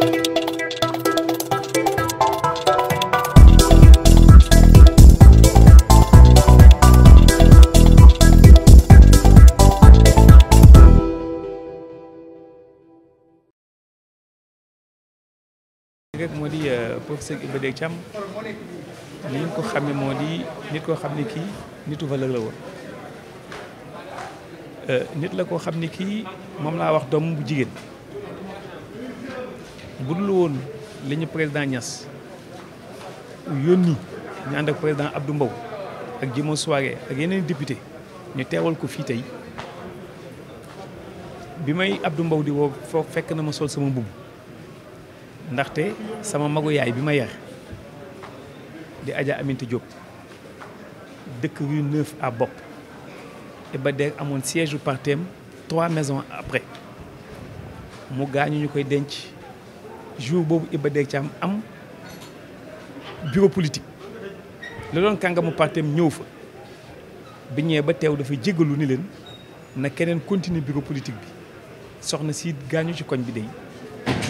rek moo euh, li ñu ko xamee moo di nit koo xam ne kii nitu valeur la woon euh, nit la koo xam ne kii moom laa wax doom bu jigéen bu dul woon li ñu président ñas yónni ñu ànd ak président Abdou Mbow ak Jimo Soare ak yeneen député ñu teewal ko fii tey bi may Abdou Mbow di woo foo fekk na ma sol sama mbubb ndaxte sama magu yaay bi ma yar di Adja Aminta Diop dëkk rue neuf à bopp Ibader amoon siège u partem trois maisons après mu gaañu ñu koy denc jour boobu Iba Der Thiam am bureau politique la doon kàngamu partem ñëw fa bi ñëwee ba teew dafa jégalu ni leen na keneen continuer bureau politique bi soxna si gaañu ci koñ bi day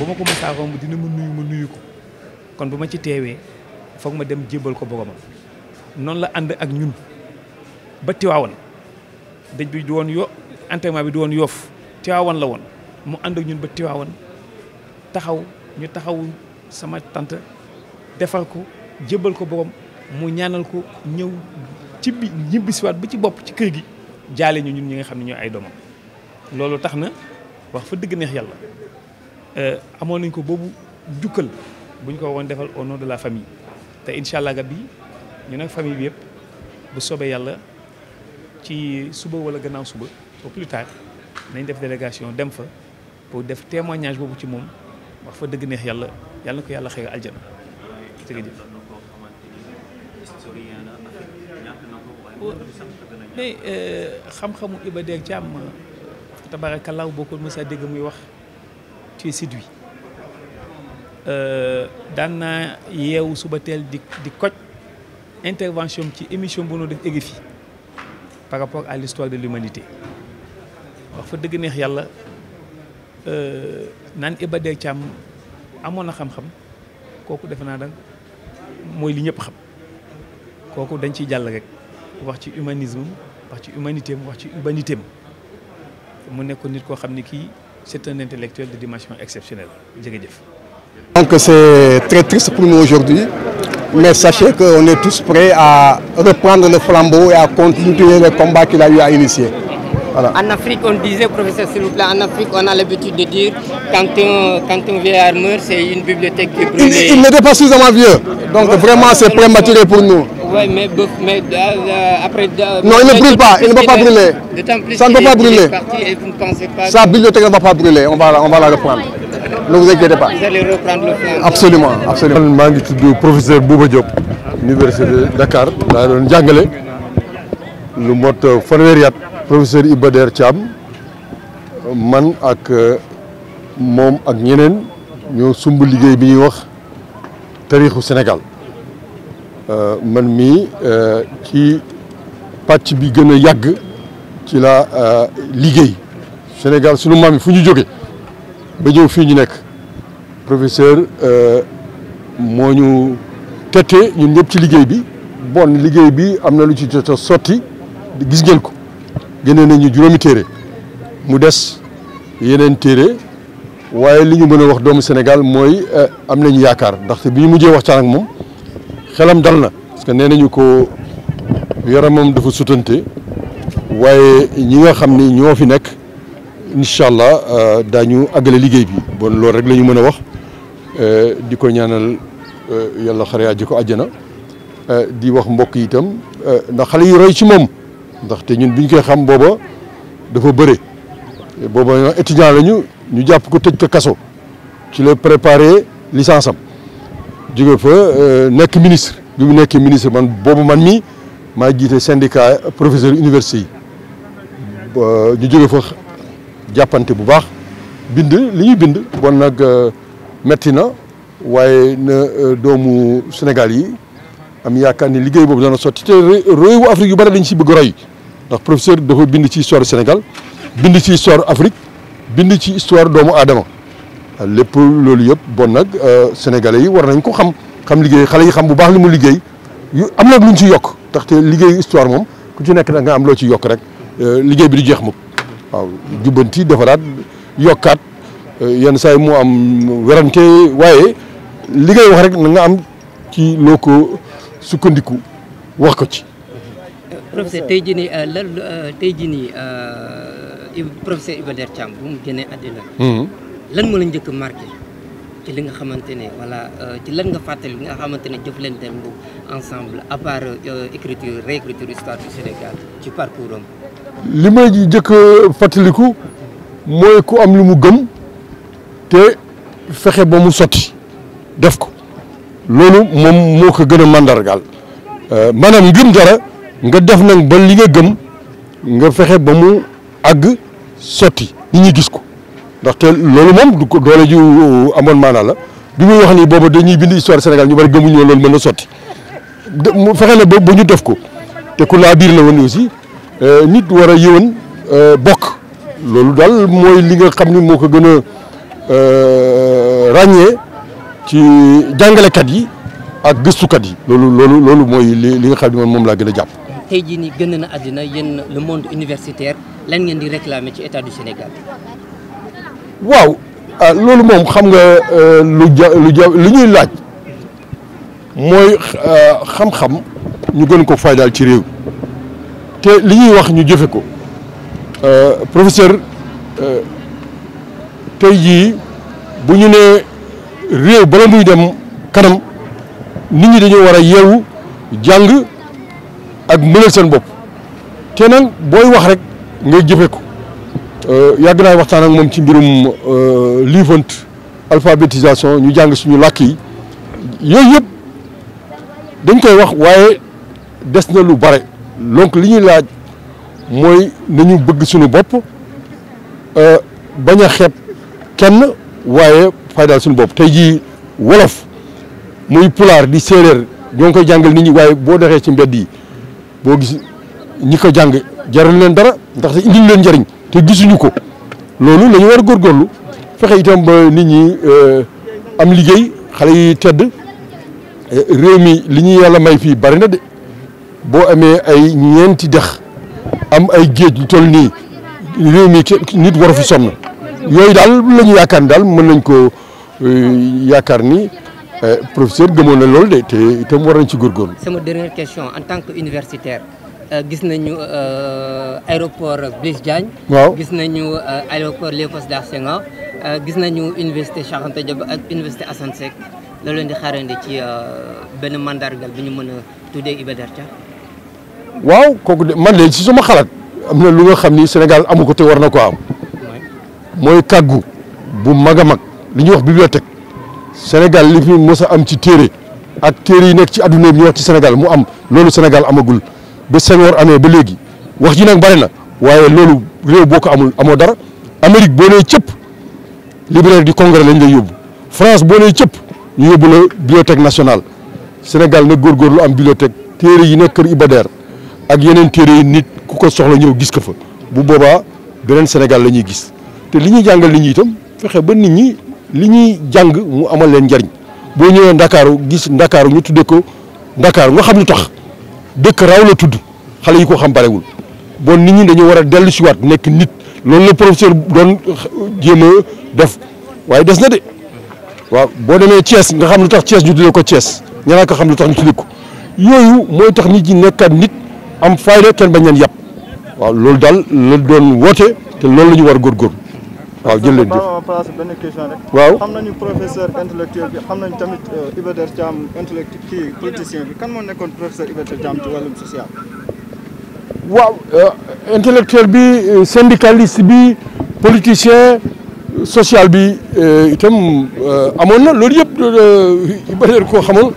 ba ma ko mësaa romb dina mu nuyu ma nuyu ko kon bu ma ci teewee foog ma dem jébbal ko boromam noonu la ànd ak ñun ba Tiwaawan dëj bi du woon yo enterrement bi du woon yoof Tiwaawan la woon mu ànd ak ñun ba Tiwaawan taxaw ñu taxawu sama tante defal ko jébbal ko borom mu ñaanal ko ñëw ci bi ñibbisiwaat bi ci bopp ci kër gi jaale ñu ñun ñi nga xam ne ñoo ay doomam loolu tax na wax fa dëgg neex yàlla euh, amoon nañ ko boobu jukkal bu ñu ko woon defal au nom de la famille te incha allah bi ñu ne famille bi yëpp bu soobee yàlla ci suba wala gannaaw suba au plus tard nañ def délégation dem fa pour def témoignage boobu ci moom wax fa dëgg neex yàlla yàlla na ko yàlla xëy aljana jërëjëf mais euh, xam-xamu Iba Der Thiam tabaarakallaahu boo ko mës a muy wax tu es séduit daan yeewu suba teel di di koj intervention ci émission bu nu def EGFI par rapport à l'histoire de l'humanité wax fa dëgg neex yàlla Euh, naan Iba Der am amoon na xam-xam kooku defe naa da mooy li ñëpp xam kooku dañ ciy jàll rek wax ci humanisme wax ci humanité wax ci urbanité mu nekkoon nit koo xam ne kii c'est un intellectuel de dimension exceptionnelle jërëjëf. donc c'est très triste pour nous aujourd'hui mais sachez qu'on est tous prêts à reprendre le flambeau et à continuer le combat qu'il a eu à initier. Voilà. En Afrique, on a l'habitude de dire quand un, c'est une bibliothèque qui est Il, n'était pas suffisamment vieux. Donc vraiment, c'est prématuré pour nous. Oui, mais, mais euh, euh après... Euh, non, il ne brûle pas, il ne pas pas brûler. Sa bibliothèque ne va pas brûler, on va, la reprendre. Ne vous inquiétez pas. Vous allez reprendre le plan. Absolument, absolument. maa ngi tudd professeur Bouba Diop université de Dakar laa doon jàngale professeur Iba Der Thiam man ak moom ak ñeneen ñoo sumb liggéey bi ñuy wax taarixu Sénégal euh, man mii euh, ci pàcc bi gën a yàgg ci la euh, liggéey Sénégal sunu maam yi fu ñu jóge ba ñëw fii ñu nekk professeur moo ñu tette ñun ñëpp ci liggéey bi bon liggéey bi am na lu ci jot a sotti gis ngeen ko génne nañu juróomi téere mu des yeneen téere waaye li ñu mën a wax doomu Sénégal mooy eh, am nañu yaakaar ndaxte bi ñu mujjee waxtaan ak moom xelam dal na parce nee nañu ko yaramam dafa sutante waaye ñi nga xam ni ñoo fi nekk incha allah eh, daañu àggale liggéey bi bon loolu rek lañu mën a wax eh, di ko ñaanal yàlla xare ji ko àjjana di wax mbokk yi itam ndax xale yu roy ci moom ndaxte ñun bi ñu koy xam booba dafa bëre booba ñoo étudiant la ñu jàpp ko tëj ko kaso ci la préparé licence am jóge fa euh, nekk ministre bi mu nekkee ministre man boobu man mi maa jiite syndicat professeur université yi ñu jóge fa jàppante bu baax bind li ñuy bind bon nag euh, metti na waaye na euh, doomu Sénégal yi am yaakaar ni liggéey boobu dana sotti te réewu Afrique yu bari dañ si bëgg roy ndax professeur dafa bind ci histoire Sénégal bind ci histoire Afrique bind ci histoire doomu aadama lépp loolu yëpp bon nag euh, sénégalais yi war nañ ko xam xam liggéey xale yi xam bu baax li mu liggéey am na lu ñu ci yokk ndaxte liggéey histoire moom ku ci nekk da nga am loo ci yokk rek euh, liggéey bi du jeex mukk waaw jubbanti defaraat yokkaat euh, yenn saa yi mu am werante waaye li ngay wax rek na nga am ci loo ko sukkandiku wax ko ci. professeur tey jii nii euh, euh, tey jii nii euh, professeur Iba Der mu génnee àddina. Hmm. lan moo la njëkk marqué ci li nga xamante ne voilà ci lan nga fàttali li nga xamante ne jëf leen dem ensemble à part écriture réécriture ci parcours am. li may njëkk fàttaliku mooy lu mu gëm te fexe ba mu sotti def ko loolu moom moo ko gën a mandargaal maanaam dara. nga def nag ba li nga gëm nga fexe ba mu àgg sotti nit ñi gis ko ndaxte loolu moom du ko doole ju amoon maanaa la bi muy wax nii boobu dañuy bind histoire Sénégal ñu bari gëmuñu woon loolu mën na sotti mu fexe na ba ñu def ko te ku laa biir la woon aussi euh, nit war a yëwan euh, bokk loolu daal mooy li nga xam ni moo ko gën a euh, ràññee ci jàngalekat yi ak gëstukat yi loolu loolu loolu mooy li li nga xam ne moom laa gën a jàpp tey jii nii gën na àddina yéen le monde universitaire ngeen di réclamer ci état du Sénégal. waaw ah, loolu moom xam nga euh, lu ja lu ja lu ñuy laaj mooy ah, xam-xam ñu gën ko daal ci réew te li ñuy wax ñu jëfe ko euh, professeur euh, tey ji bu ñu nee réew bala muy dem kanam nit ñi dañoo war a yeewu jàng. ak mënal seen bopp te nag booy wax rek ngay jëfee ko euh, yàgg naa waxtaan ak moom ci mbirum euh, livant alphabétisation ñu jàng suñu làkk yi yooyu yëpp dañ koy wax waaye des na lu bare donc li ñuy laaj mooy nañu bëgg suñu bopp euh, bañ a xeeb kenn waaye faydaal suñu bopp tey jii wolof muy pulaar di séeréer ñoo ngi koy jàngal nit ñi waaye boo doxee ci mbedd yi boo gis ñi ko jàng jaral leen dara ndaxte indil leen njariñ te gisuñu ko loolu la war a góorgóorlu fexe itam ba nit ñi euh, am liggéey xale yi tedd euh, réew mi li ñu yàlla may fii bari na de boo amee ay ñeenti dex am ay géej yu toll nii réew nit waru fi sonn yooyu daal la yaakaar ni daal mën nañ ko euh, yaakaar nii Eh, professeur gëmoon na loolu de te itam war nañ ci góorgóorlu. sama dernière question en tant que universitaire euh, gis nañu euh, aéroport Blaise Diagne. waaw gis nañu euh, aéroport Léopold gis nañu université Cheikh Anta ak université Assane Seck loolu leen di xaarandi ci benn mandargal bi ñu mën a tuddee Iba Der Thiam. waaw kooku de man de si sama xalaat am na lu nga xam ni Sénégal amu ko te war na ko am. mooy kàggu bu mag mag li ñuy wax bibliothèque. Sénégal li fi mos a am ci téere ak téere yi nekk ci adduna bi ñu wax ci Sénégal mu am loolu Sénégal amagul ba Senghor amee ba léegi wax ji nag bari na waaye loolu réew boo ko amul amoo dara Amérique boo nee cëpp librairie du Congrès lañ lay yóbbu France boo nee cëpp ñu yóbbu la bibliothèque nationale Sénégal góor góorgóorlu am bibliothèque téere yi nekk kër Ibader ak yeneen téere yi nit ku ko soxla ñëw gis ko fa bu boobaa beneen Sénégal la ñuy gis te li ñuy jàngal nit ñi itam fexe ba nit ñi. li ñuy jàng mu amal leen njariñ boo ñëwee ndakaaru gis ndakaaru ñu tuddee ko ndakaaru nga xam lu tax dëkk raw la tudd xale yi ko xam barewul bon nit ñi dañu war a dellu si waat nekk nit loolu la professeur doon jéem a def waaye des na de waaw boo demee Thiès nga xam lu tax cees ñu tuddee ko Thiès ñanaa ko xam lu tax ñu tuddee ko yooyu mooy tax nit ñi nekkaat nit am fayda kenn bañ leen yàpp waaw loolu daal la doon woote te loolu la ñu war a góorgóorlu waaw jël leen jëf place benn question rek waaw xam nañu professeur intellectuel bi xam nañu tamit Iba euh, Der Thiam intellectuel bi moo nekkoon professeur Iba Der Thiam ci wàllum social euh, bi euh, syndicaliste politicien social bi itam amoon na loolu yëpp Iba Der xamoon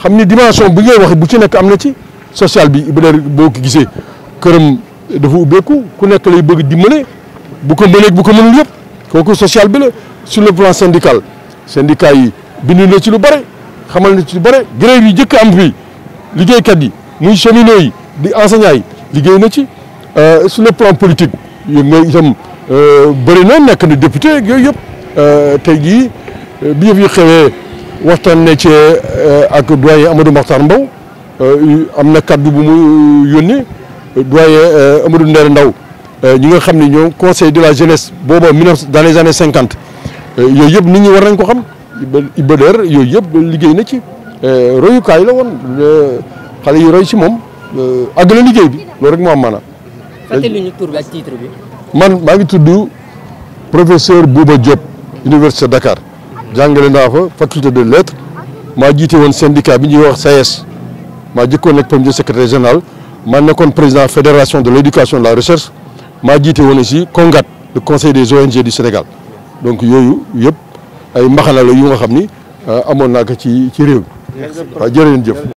xam ni dimension bu ngay wax bu ci nekk am na ci social bi Iba Der boo ko gisee këram dafa ubbeeku ku nekk lay bëgg dimbale bu ko mëneeg bu ko mënul yëpp kooku social bi la sur le plan syndical syndicat yi bind na ci lu bare xamal na ci lu bare grève yi jëkk am fii liggéeykat yi muy cheminots di enseignants yi liggéey na ci euh, sur le plan politique nga itam euh, bëri na nekk na député yooyu yëpp euh, tey jii bi yëf yi xewee waxtaan ne ci ak doyen Amadou Makhtar Mbow am na kaddu bi mu yónni doyen Amadou Ndeer Ndaw Euh, ñi nga xam ne ñoo conseil de la jeunesse booba dans les années cinquante euh, yooyu yëpp nit ñi war nañ ko xam Iba Der yooyu yëpp liggéey na ci euh, royukaay la woon xale yi roy ci moom àgg na liggéey bi loolu rek moo am maanaam. fàttali ñu ak titre bi. man maa ngi tudd professeur Bouba Diop université Dakar jàngale naa fa faculté de lettres maa jiite woon syndicat bi ñu wax SAES e maa jëkkoon nekk premier secrétaire général maa nekkoon président fédération de l' éducation de la recherche. maa jiite woon aussi CONGAT le conseil des ONG du Sénégal donc yooyu yëpp ay mbaxana la yu nga xam ni euh, amoon naa ko ci ci réew mi waaw jërëjëf